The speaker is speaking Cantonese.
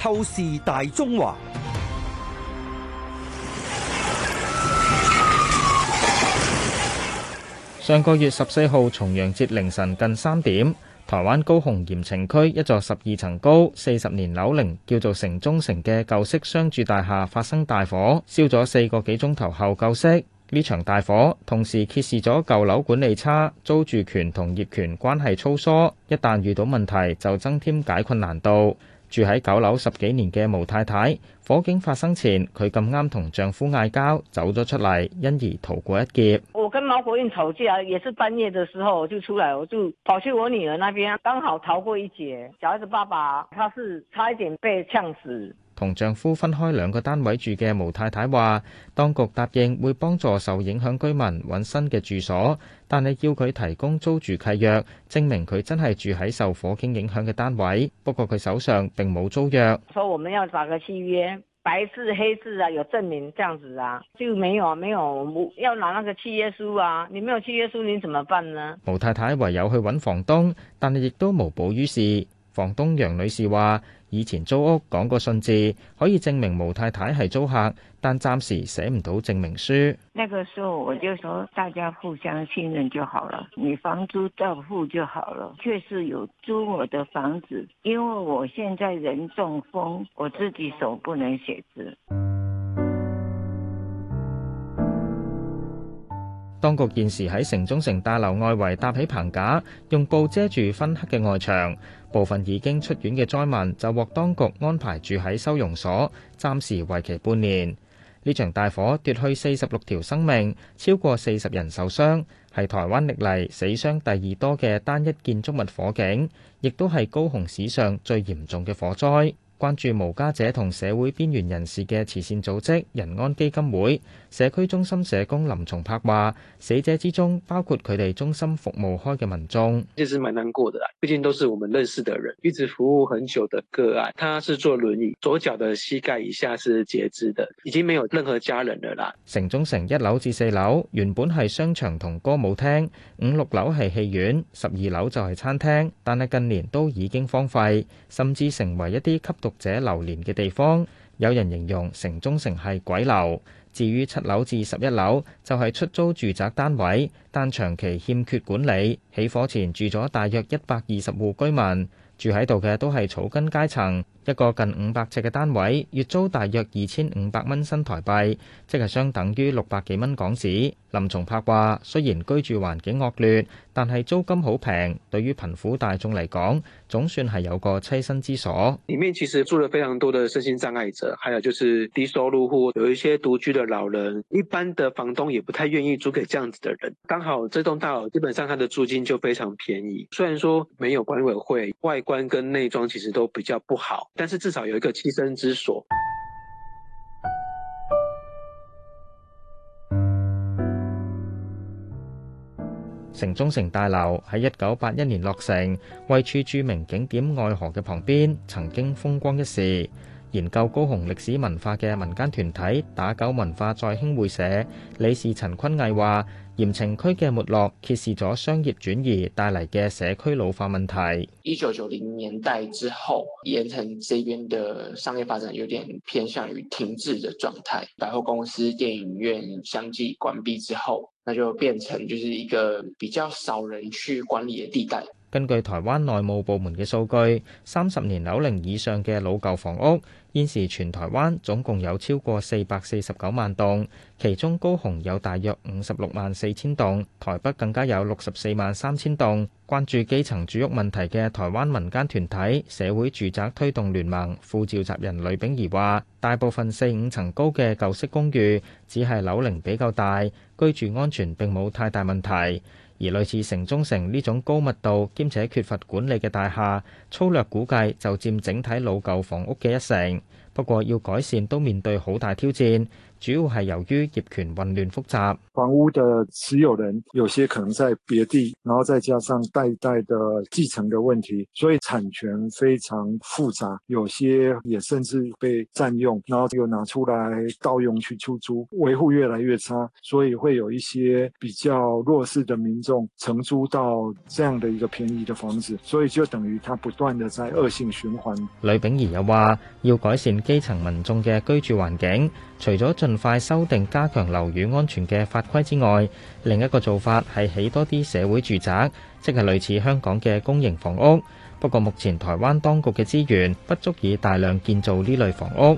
透視大中華。上個月十四號重陽節凌晨近三點，台灣高雄鹽埕區一座十二層高、四十年樓齡，叫做城中城嘅舊式商住大廈發生大火，燒咗四個幾鐘頭後救熄。呢場大火同時揭示咗舊樓管理差、租住權同業權關係粗疏，一旦遇到問題就增添解困難度。住喺九樓十幾年嘅毛太太，火警發生前佢咁啱同丈夫嗌交，走咗出嚟，因而逃過一劫。我跟毛國慶吵架，也是半夜嘅時候我就出來，我就跑去我女兒那邊，剛好逃過一劫。小孩子爸爸他是差一點被嗆死。同丈夫分開兩個單位住嘅毛太太話，當局答應會幫助受影響居民揾新嘅住所，但係要佢提供租住契約，證明佢真係住喺受火警影響嘅單位。不過佢手上並冇租約。所以我們要打個那個契約，白字、黑字啊，有證明，這樣子啊，就沒有啊，沒有，要拿那個契約書啊，你沒有契約書，你怎麼辦呢？毛太太唯有去揾房東，但係亦都無補於事。房東楊女士話：以前租屋講過信字，可以證明毛太太係租客，但暫時寫唔到證明書。那個時候我就說大家互相信任就好了，你房租照付就好了。確實有租我的房子，因為我現在人中風，我自己手不能寫字。當局現時喺城中城大樓外圍搭起棚架，用布遮住熏黑嘅外牆。部分已經出院嘅災民就獲當局安排住喺收容所，暫時為期半年。呢場大火奪去四十六條生命，超過四十人受傷，係台灣歷嚟死傷第二多嘅單一建築物火警，亦都係高雄史上最嚴重嘅火災。關注無家者同社會邊緣人士嘅慈善組織人安基金會社區中心社工林松柏話：死者之中包括佢哋中心服務開嘅民眾，其實蠻難過嘅啦，畢竟都是我們認識的人，一直服務很久嘅個案。他是坐輪椅，左腳嘅膝蓋以下是截肢的，已經沒有任何家人了啦。城中城一樓至四樓原本係商場同歌舞廳，五六樓係戲院，十二樓就係餐廳，但係近年都已經荒廢，甚至成為一啲吸毒。或者流連嘅地方，有人形容城中城係鬼樓。至於七樓至十一樓就係、是、出租住宅單位，但長期欠缺管理。起火前住咗大約一百二十戶居民，住喺度嘅都係草根階層。一個近五百尺嘅單位，月租大約二千五百蚊新台幣，即係相等於六百幾蚊港紙。林崇柏話，雖然居住環境惡劣，但係租金好平，對於貧苦大眾嚟講，總算係有個棲身之所。裏面其實住了非常多的身心障礙者，還有就是低收入戶，有一些獨居的老人。一般的房東也不太願意租給這樣子的人。剛好這棟大樓基本上它的租金就非常便宜，雖然說沒有管委會，外觀跟內裝其實都比較不好。但是至少有一個棲身之所。 城中城大樓喺一九八一年落成，位處著名景點愛河嘅旁邊，曾經風光一時。研究高雄歷史文化嘅民間團體打狗文化再興會社理事陳坤毅話：鹽埕區嘅沒落，揭示咗商業轉移帶嚟嘅社區老化問題。一九九零年代之後，鹽埕這邊嘅商業發展有點偏向於停滯嘅狀態。百貨公司、電影院相繼關閉之後，那就變成就是一個比較少人去管理嘅地帶。根據台灣內務部門嘅數據，三十年樓齡以上嘅老舊房屋現時全台灣總共有超過四百四十九萬棟，其中高雄有大約五十六萬四千棟，台北更加有六十四萬三千棟。關注基層住屋問題嘅台灣民間團體社會住宅推動聯盟副召集人呂炳儀話，大部分四五層高嘅舊式公寓只係樓齡比較大，居住安全並冇太大問題。而類似城中城呢種高密度兼且缺乏管理嘅大廈，粗略估計就佔整體老舊房屋嘅一成。不過要改善都面對好大挑戰。主要係由於業權混亂複雜，房屋的持有人有些可能在別地，然後再加上代代的繼承的問題，所以產權非常複雜，有些也甚至被佔用，然後又拿出來盜用去出租，維護越來越差，所以會有一些比較弱勢的民眾承租到這樣的一個便宜的房子，所以就等於它不斷的在惡性循環。呂炳宜又話要改善基層民眾嘅居住環境，除咗盡快修訂加強樓宇安全嘅法規之外，另一個做法係起多啲社會住宅，即係類似香港嘅公營房屋。不過，目前台灣當局嘅資源不足以大量建造呢類房屋。